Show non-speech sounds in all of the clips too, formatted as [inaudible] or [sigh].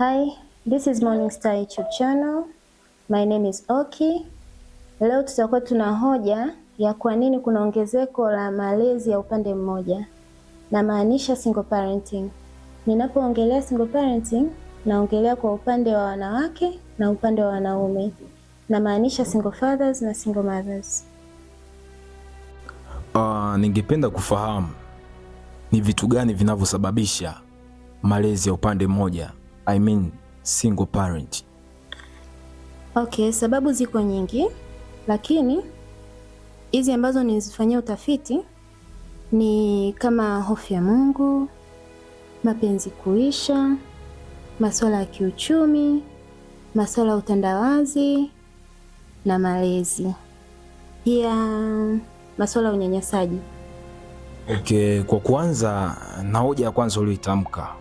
Hi, this is Morning Star YouTube channel. My name is Oki. Leo tutakuwa tuna hoja ya kwa nini kuna ongezeko la malezi ya upande mmoja. Na maanisha single parenting. Ninapoongelea single parenting, naongelea kwa upande wa wanawake na upande wa wanaume. Na maanisha single fathers na single mothers. Uh, ningependa kufahamu ni vitu gani vinavyosababisha malezi ya upande mmoja I mean single parent. Okay, sababu ziko nyingi, lakini hizi ambazo nilizifanyia utafiti ni kama hofu ya Mungu, mapenzi kuisha, masuala ya kiuchumi, masuala ya utandawazi na malezi, pia masuala ya unyanyasaji. Okay, kwa kuanza na hoja ya kwanza uliyoitamka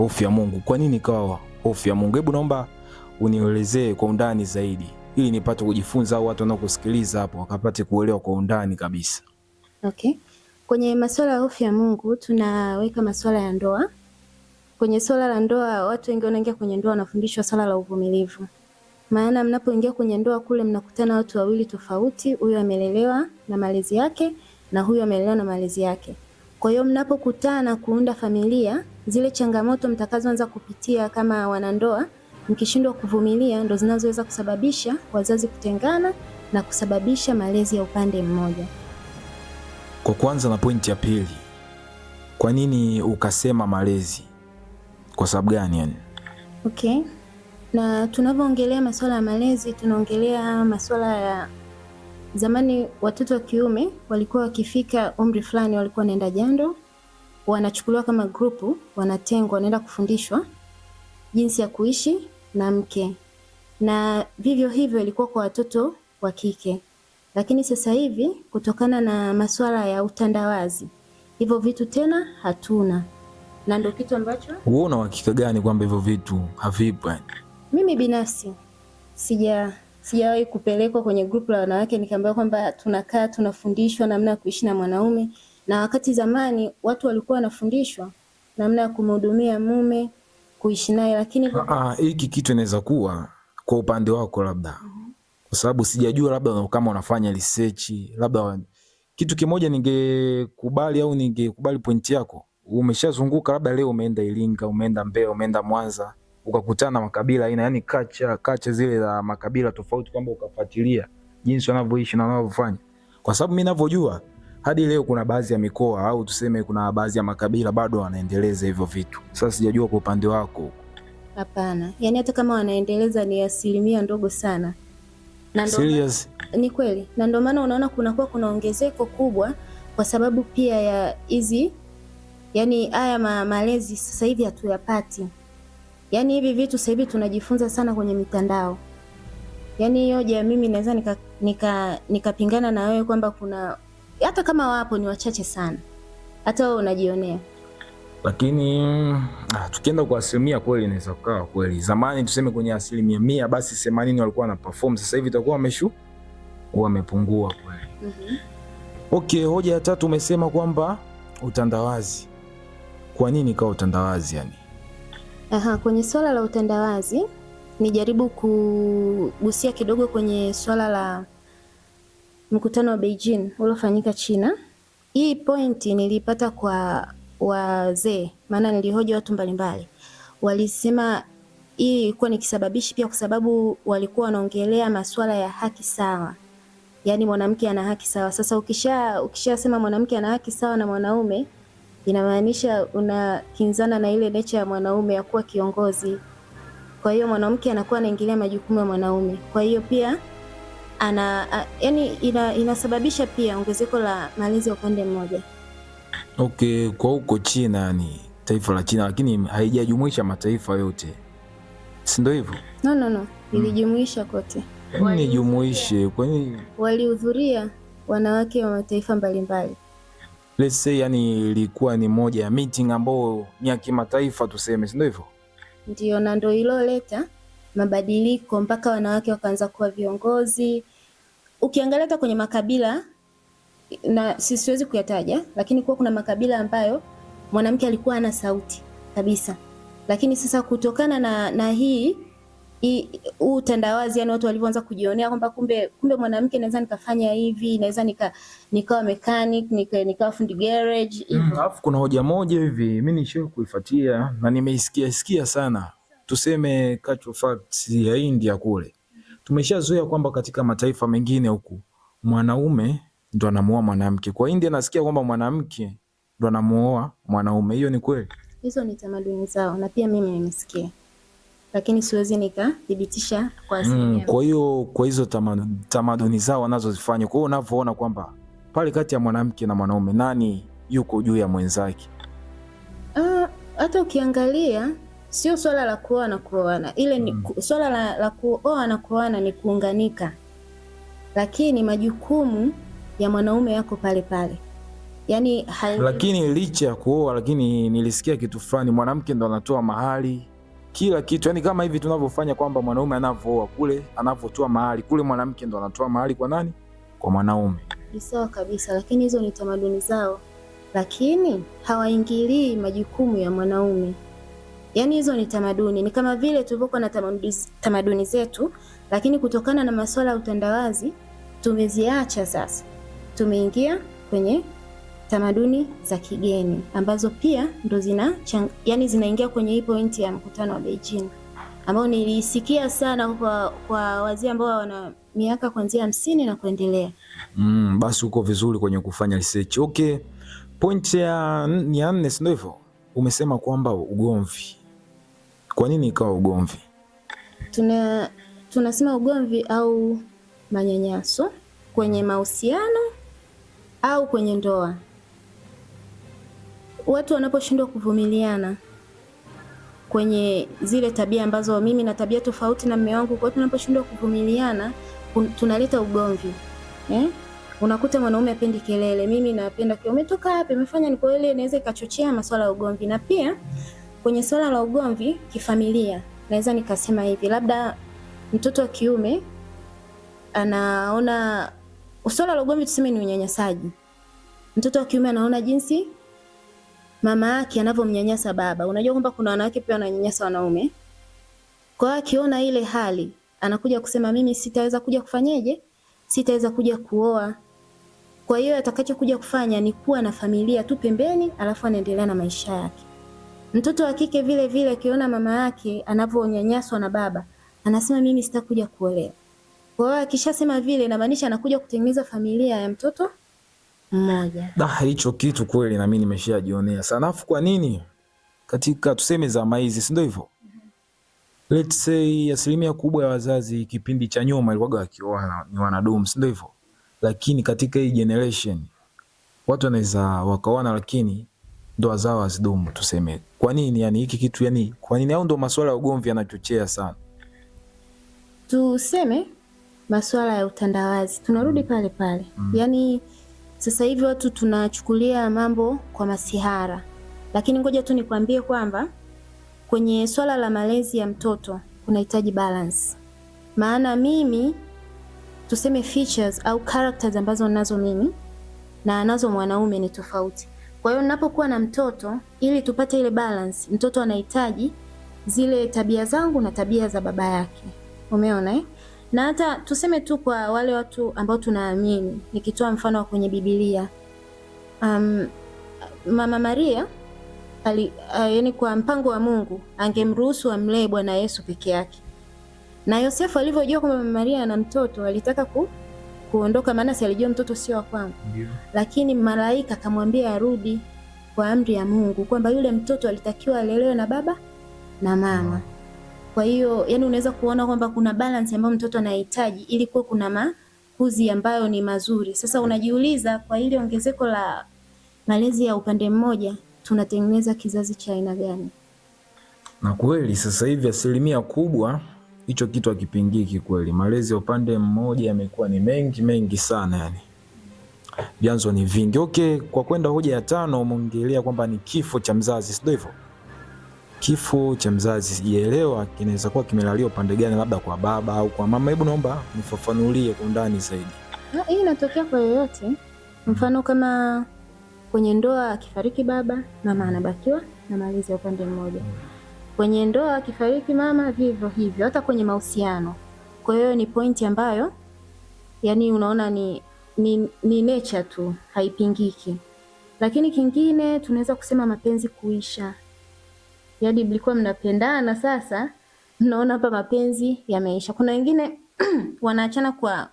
hofu ya Mungu. Kwa nini ikawa hofu ya Mungu? Hebu naomba unielezee kwa undani zaidi, ili nipate kujifunza au watu wanaokusikiliza hapo wakapate kuelewa kwa undani kabisa. Okay. Kwenye masuala ya hofu ya Mungu tunaweka masuala ya ndoa. Kwenye swala la ndoa, watu wengi wanaingia kwenye ndoa wanafundishwa swala la uvumilivu, maana mnapoingia kwenye ndoa kule mnakutana watu wawili tofauti, huyu amelelewa na malezi yake na huyu amelelewa na malezi yake. Kwa hiyo mnapokutana kuunda familia, zile changamoto mtakazoanza kupitia kama wanandoa, mkishindwa kuvumilia, ndo zinazoweza kusababisha wazazi kutengana na kusababisha malezi ya upande mmoja. Kwa kwanza na pointi ya pili, kwa nini ukasema malezi? Kwa sababu gani yani? Okay, na tunavyoongelea masuala ya malezi tunaongelea masuala ya Zamani watoto wa kiume walikuwa wakifika umri fulani walikuwa wanaenda jando, wanachukuliwa kama grupu, wanatengwa, wanaenda kufundishwa jinsi ya kuishi na mke, na vivyo hivyo ilikuwa kwa watoto wa kike. Lakini sasa hivi kutokana na masuala ya utandawazi, hivyo vitu tena hatuna, na ndio kitu ambacho wewe una uhakika gani kwamba hivyo vitu havipo? Mimi binafsi sija sijawahi kupelekwa kwenye grupu la wanawake nikaambiwa kwamba tunakaa tunafundishwa namna ya kuishi na mwanaume, na wakati zamani watu walikuwa wanafundishwa namna ya kumhudumia mume, kuishi naye, lakini ah, ah, hiki kitu inaweza kuwa kwa upande wako labda mhm. kwa sababu sijajua, labda kama unafanya research, labda kitu kimoja ningekubali au ningekubali pointi yako, umeshazunguka labda, leo umeenda Iringa, umeenda Mbeya, umeenda Mwanza ukakutana na makabila aina, yani kacha kacha zile za makabila tofauti, kwamba ukafuatilia jinsi wanavyoishi na wanavyofanya, kwa sababu mimi ninavyojua hadi leo kuna baadhi ya mikoa au tuseme kuna baadhi ya makabila bado wanaendeleza hivyo vitu. Sasa sijajua kwa upande wako. Hapana, yani hata kama wanaendeleza ni asilimia ndogo sana na Serious? Ni kweli, na ndio maana unaona kunakuwa kuna ongezeko kubwa kwa sababu pia ya hizi yani haya ma malezi sasa hivi hatuyapati Yaani hivi vitu sasa hivi tunajifunza sana kwenye mitandao. Yaani hiyo je, mimi naweza nika nikapingana nika na wewe kwamba kuna hata kama wapo ni wachache sana, hata wewe unajionea. Lakini ah, tukienda kwa asilimia kweli inaweza kukaa kweli. Zamani tuseme kwenye asilimia mia basi 80 walikuwa na perform, sasa hivi itakuwa wameshu wamepungua kweli. mm-hmm. Okay, hoja ya tatu umesema kwamba utandawazi. Kwa nini ikawa utandawazi yani? Aha, kwenye swala la utandawazi nijaribu kugusia kidogo kwenye swala la mkutano wa Beijing uliofanyika China. Hii pointi nilipata kwa wazee, maana nilihoji watu mbalimbali, walisema hii ilikuwa ni kisababishi pia, kwa sababu walikuwa wanaongelea masuala ya haki sawa, yaani mwanamke ana haki sawa. Sasa ukisha ukishasema mwanamke ana haki sawa na mwanaume inamaanisha unakinzana na ile necha ya mwanaume ya kuwa kiongozi. Kwa hiyo mwanamke anakuwa anaingilia majukumu ya mwanaume, kwa hiyo pia ana a, yani ina, inasababisha pia ongezeko la malezi ya upande mmoja. Okay, kwa huko China ni taifa la China, lakini haijajumuisha mataifa yote, si ndio hivyo? No, no, no, hmm. ilijumuisha kote. Nijumuishe, yaani kwa walihudhuria wanawake wa mataifa mbalimbali? let's say, yani ilikuwa ni moja ya meeting ambayo ni ya kimataifa tuseme, si ndio hivyo? Ndio, na ndio iloleta mabadiliko mpaka wanawake wakaanza kuwa viongozi. Ukiangalia hata kwenye makabila na siwezi kuyataja, lakini kuwa kuna makabila ambayo mwanamke alikuwa ana sauti kabisa, lakini sasa kutokana na, na hii huu utandawazi, yani watu walivyoanza kujionea kwamba kumbe kumbe mwanamke naweza nikafanya hivi, naweza nika nikawa mechanic nika, nikawa fundi garage mm. Alafu kuna hoja moja hivi mimi nishio kuifuatia na nimeisikia sikia sana, tuseme cultural facts ya India kule, tumeshazoea kwamba katika mataifa mengine huku mwanaume ndo anamuoa mwanamke. Kwa India nasikia kwamba mwanamke ndo anamuoa mwanaume. Hiyo ni kweli? Hizo ni tamaduni zao na pia mimi nimesikia lakini siwezi nikathibitisha kwa hmm, asilimia mm. Kwa hiyo kwa hizo tamaduni zao wanazozifanya, kwa hiyo unavyoona kwamba pale kati ya mwanamke na mwanaume nani yuko juu ya mwenzake? Ah, hata ukiangalia sio swala la kuoa na kuoana ile ni mm. swala la, la kuoa na kuoana ni kuunganika, lakini majukumu ya mwanaume yako pale pale yani, hal... lakini licha ya kuoa, lakini nilisikia kitu fulani, mwanamke ndo anatoa mahali kila kitu, yani kama hivi tunavyofanya kwamba mwanaume anavyooa kule, anavyotoa mahari kule, mwanamke ndo anatoa mahari kwa nani? Kwa mwanaume. Ni sawa kabisa, lakini hizo ni tamaduni zao, lakini hawaingilii majukumu ya mwanaume. yani hizo ni tamaduni, ni kama vile tulivyokuwa na tamaduni zetu, lakini kutokana na masuala ya utandawazi tumeziacha sasa, tumeingia kwenye tamaduni za kigeni ambazo pia ndo zina yani zinaingia kwenye hii pointi ya mkutano wa Beijing ambao nilisikia sana kwa, kwa wazee ambao wana miaka kuanzia hamsini na kuendelea. Mm, basi uko vizuri kwenye kufanya research. Okay, point ya ya nne, si ndio hivyo? Umesema kwamba ugomvi, kwa nini ikawa ugomvi? Tuna tunasema ugomvi au manyanyaso kwenye mahusiano au kwenye ndoa watu wanaposhindwa kuvumiliana kwenye zile tabia ambazo mimi na tabia tofauti na mume wangu, kwa tunaposhindwa kuvumiliana tunaleta ugomvi eh? Unakuta mwanaume apendi kelele, mimi napenda kelele. Umetoka wapi? Umefanya niko ile, inaweza ikachochea masuala ya ugomvi. Na pia kwenye swala la ugomvi kifamilia, naweza nikasema hivi, labda mtoto wa kiume anaona swala la ugomvi, tuseme ni unyanyasaji. Mtoto wa kiume anaona jinsi mama yake anavyomnyanyasa baba. Unajua kwamba kuna wanawake pia wananyanyasa wanaume. Kwa hiyo akiona ile hali anakuja kusema mimi sitaweza kuja kufanyeje, sitaweza kuja kuoa. Kwa hiyo atakachokuja kufanya ni kuwa na familia tu pembeni, alafu anaendelea na maisha yake. Mtoto wa kike vile vile akiona mama yake anavyonyanyaswa na baba, anasema mimi sitakuja kuolewa. Kwa hiyo akishasema vile, inamaanisha anakuja kutengeneza familia ya mtoto mmoja. Da, hicho kitu kweli na mimi nimeshajionea sanafu. Kwa nini katika tuseme zama hizi, si ndio hivyo? Mm. Let's say asilimia kubwa ya wazazi kipindi cha nyuma ilikuwa wakioa ni wanadumu, si ndio hivyo? Lakini katika hii generation watu wanaweza wakaona, lakini ndoa zao hazidumu. Tuseme kwa nini? Yani hiki kitu yani kwa nini? Au ndo masuala ya ugomvi yanachochea sana, tuseme masuala ya utandawazi, tunarudi mm. pale pale mm. yani sasa hivi watu tunachukulia mambo kwa masihara, lakini ngoja tu nikwambie kwamba kwenye swala la malezi ya mtoto kunahitaji balance, maana mimi tuseme features au characters ambazo nazo mimi na anazo mwanaume ni tofauti. Kwa hiyo ninapokuwa na mtoto, ili tupate ile balance, mtoto anahitaji zile tabia zangu na tabia za baba yake. Umeona eh? na hata tuseme tu kwa wale watu ambao tunaamini, nikitoa mfano wa kwenye Biblia um, Mama Maria ali, uh, yani kwa mpango wa Mungu angemruhusu amlee Bwana Yesu peke yake, na Yosefu alivyojua kwamba Mama Maria ana mtoto alitaka ku, kuondoka, maana si alijua mtoto sio wa kwangu, lakini malaika akamwambia arudi kwa amri ya Mungu kwamba yule mtoto alitakiwa alelewe na baba na mama. Kwa hiyo yani, unaweza kuona kwamba kuna balance ambayo mtoto anahitaji ili kuwe kuna makuzi ambayo ni mazuri. Sasa unajiuliza kwa ile ongezeko la malezi ya upande mmoja tunatengeneza kizazi cha aina gani? Na kweli sasa hivi asilimia kubwa hicho kitu hakipingiki kweli. Malezi ya upande mmoja yamekuwa ni mengi mengi sana yani. Vyanzo ni vingi. Okay, kwa kwenda hoja ya tano umeongelea kwamba ni kifo cha mzazi, sio hivyo? kifo cha mzazi, sijaelewa kinaweza kuwa kimelalia upande gani, labda kwa baba au kwa mama. Hebu naomba nifafanulie kwa undani zaidi. Ha, ah, hii inatokea kwa yoyote, mfano kama kwenye ndoa akifariki baba, mama anabakiwa na malezi ya upande mmoja. Kwenye ndoa akifariki mama, vivyo hivyo, hata kwenye mahusiano. Kwa hiyo ni pointi ambayo yani unaona ni, ni, ni nature tu haipingiki. Lakini kingine tunaweza kusema mapenzi kuisha yaani mlikuwa mnapendana, sasa mnaona hapa mapenzi yameisha. Kuna wengine [clears throat] wanaachana kwa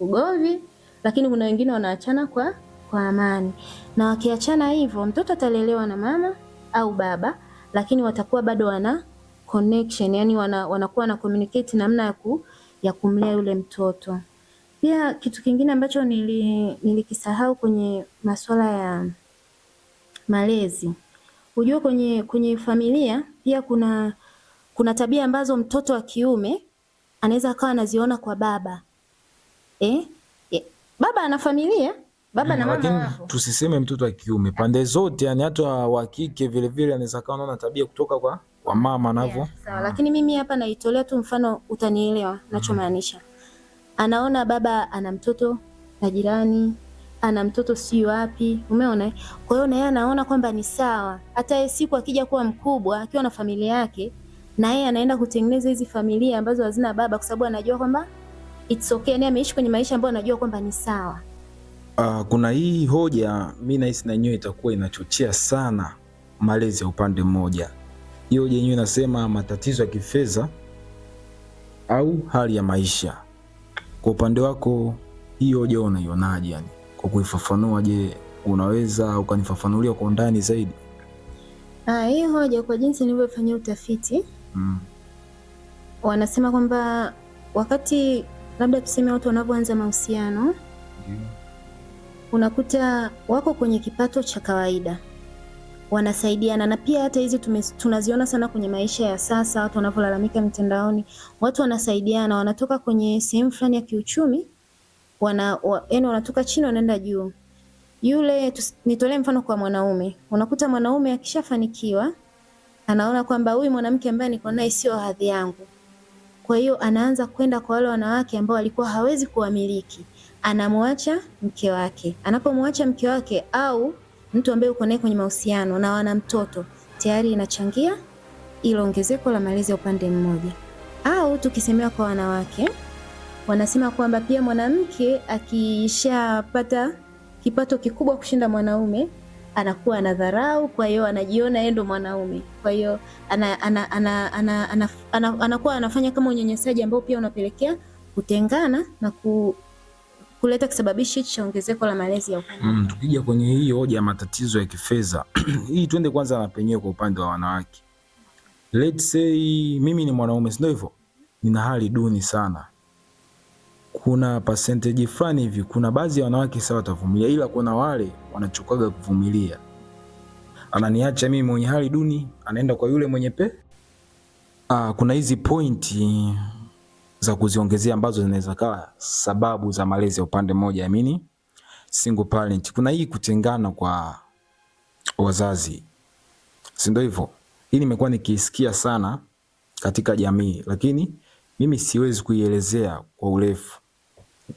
ugomvi, lakini kuna wengine wanaachana kwa kwa amani, na wakiachana hivyo mtoto atalelewa na mama au baba, lakini watakuwa bado wana connection, yani wana, wanakuwa na communicate namna ya ku, ya kumlea yule mtoto. Pia kitu kingine ambacho nilikisahau nili kwenye masuala ya malezi Hujua kwenye, kwenye familia pia kuna, kuna tabia ambazo mtoto wa kiume anaweza akawa anaziona kwa baba eh? Eh, baba ana familia baba na mm, mama wapo. Tusiseme mtoto wa kiume pande zote, yani hata wa kike vile vile anaweza kawa anaona tabia kutoka kwa, kwa mama navyo yeah, sawa hmm. Lakini mimi hapa naitolea tu mfano, utanielewa mm. nachomaanisha. Anaona baba ana mtoto na jirani ana mtoto si wapi, umeona. Kwa hiyo na yeye anaona kwamba ni sawa, hata yeye siku akija kuwa mkubwa akiwa na familia yake, na yeye anaenda kutengeneza hizi familia ambazo hazina baba, kwa sababu anajua kwamba it's okay, naye ameishi kwenye maisha ambayo anajua kwamba ni sawa. Uh, kuna hii hoja mi nahisi na nyewe itakuwa inachochea sana malezi ya upande mmoja. Hiyo hoja yenyewe inasema matatizo ya kifedha au hali ya maisha. Kwa upande wako, hii hoja unaionaje yani? kwa kuifafanua. Je, unaweza ukanifafanulia kwa undani zaidi? Ah, hii hoja kwa jinsi nilivyofanyia utafiti mm. wanasema kwamba wakati labda tuseme watu wanavyoanza mahusiano mm. unakuta wako kwenye kipato cha kawaida wanasaidiana na pia hata hizi tunaziona sana kwenye maisha ya sasa, watu wanavyolalamika mtandaoni. Watu wanasaidiana, wanatoka kwenye sehemu fulani ya kiuchumi wana, wa, yani wanatoka chini wanaenda juu. Yule nitolee mfano kwa mwanaume, unakuta mwanaume akishafanikiwa anaona kwamba huyu mwanamke ambaye niko naye sio hadhi yangu, kwa hiyo anaanza kwenda kwa wale wanawake ambao alikuwa hawezi kuwamiliki, anamwacha mke wake. Anapomwacha mke wake au mtu ambaye uko naye kwenye mahusiano na wana mtoto tayari, inachangia ilo ongezeko la malezi ya upande mmoja. Au tukisemewa kwa wanawake wanasema kwamba pia mwanamke akishapata kipato kikubwa kushinda mwanaume anakuwa dharau, kwa hiyo anajiona yeye ndo mwanaume, kwa hiyo anakuwa anafanya kama unyanyasaji ambao pia unapelekea kutengana na ku, kuleta kisababishi hichi cha ongezeko la malezi ya ukoo. Mm, tukija kwenye hii hoja ya matatizo ya kifedha [clears throat] hii, twende kwanza na penyewe kwa upande wa wanawake. Let's say mimi ni mwanaume, si ndio hivyo, nina hali duni sana kuna percentage fulani hivi, kuna baadhi ya wanawake sawa watavumilia, ila kuna wale wanachukaga kuvumilia, ananiacha mimi mwenye hali duni, anaenda kwa yule mwenye pe. Aa, ah, kuna hizi pointi za kuziongezea ambazo zinaweza kawa sababu za malezi ya upande mmoja, amini single parent. Kuna hii kutengana kwa wazazi, si ndio hivyo? Hii nimekuwa nikisikia sana katika jamii, lakini mimi siwezi kuielezea kwa urefu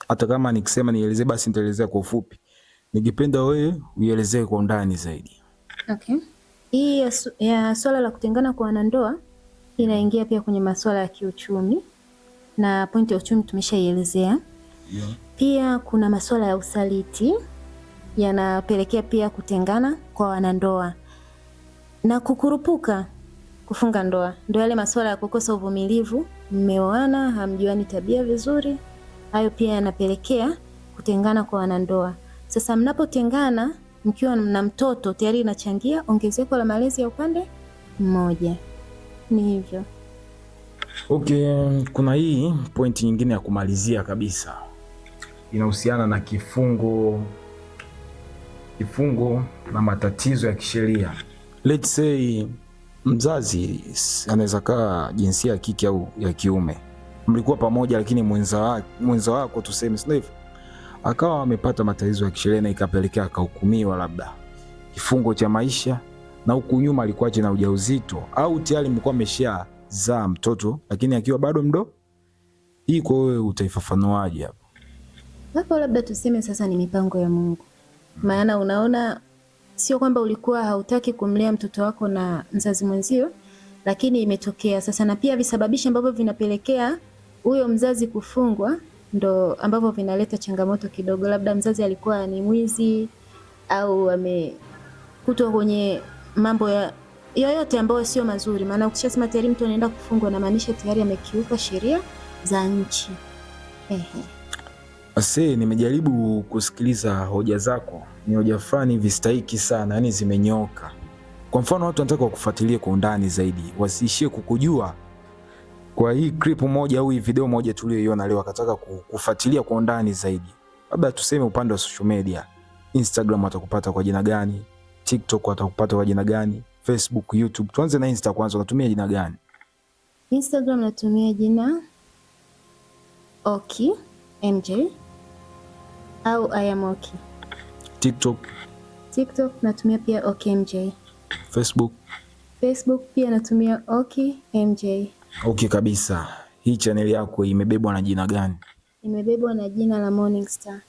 hata kama nikisema nielezee, basi nitaelezea kwa ufupi. nikipenda wewe uielezee kwa undani zaidi. Okay. Hii ya, su, ya swala la kutengana kwa wanandoa inaingia pia kwenye masuala ya kiuchumi na pointi ya uchumi tumeshaielezea. Yeah. Pia kuna masuala ya usaliti yanapelekea pia kutengana kwa wanandoa na kukurupuka kufunga ndoa, ndio yale masuala ya kukosa uvumilivu, mmeoana hamjuani tabia vizuri, hayo pia yanapelekea kutengana kwa wanandoa. Sasa mnapotengana mkiwa na mtoto tayari inachangia ongezeko la malezi ya upande mmoja. Ni hivyo. Okay, kuna hii pointi nyingine ya kumalizia kabisa, inahusiana na kifungo kifungo na matatizo ya kisheria. Let's say mzazi anaweza kaa jinsia ya kike au ya kiume mlikuwa pamoja, lakini mwenza, wako, mwenza wako tuseme, sio hivyo, akawa amepata matatizo ya kisheria na ikapelekea akahukumiwa labda kifungo cha maisha, na huku nyuma alikuwa na ujauzito au tayari mlikuwa ameshazaa mtoto, lakini akiwa bado mdo. Hii kwa wewe utaifafanuaje hapo? Hapo labda tuseme sasa ni mipango ya Mungu, maana unaona sio kwamba ulikuwa hautaki kumlea mtoto wako na mzazi mwenzio, lakini imetokea sasa, na pia visababishi ambavyo vinapelekea huyo mzazi kufungwa ndo ambavyo vinaleta changamoto kidogo, labda mzazi alikuwa ni mwizi au amekutwa kwenye mambo ya yoyote ambayo sio mazuri. Maana ukishasema tayari mtu anaenda kufungwa, namaanisha tayari amekiuka sheria za nchi. Ehe. Ase, nimejaribu kusikiliza hoja zako, ni hoja fulani hivi stahiki sana, yani zimenyoka. Kwa mfano, watu wanataka wakufuatilie kwa undani zaidi, wasiishie kukujua kwa hii clip moja au hii video moja tuliyoiona leo, akataka kufuatilia kwa undani zaidi, labda tuseme upande wa social media, Instagram watakupata kwa jina gani? TikTok watakupata kwa jina gani? Facebook, YouTube. Tuanze na Insta kwanza, unatumia jina gani? Instagram natumia jina Oki MJ au I am Oki. TikTok. TikTok natumia pia Oki MJ. Facebook. Facebook pia natumia Oki MJ. Okay kabisa. Hii chaneli yako imebebwa na jina gani? Imebebwa na jina la Morning Star.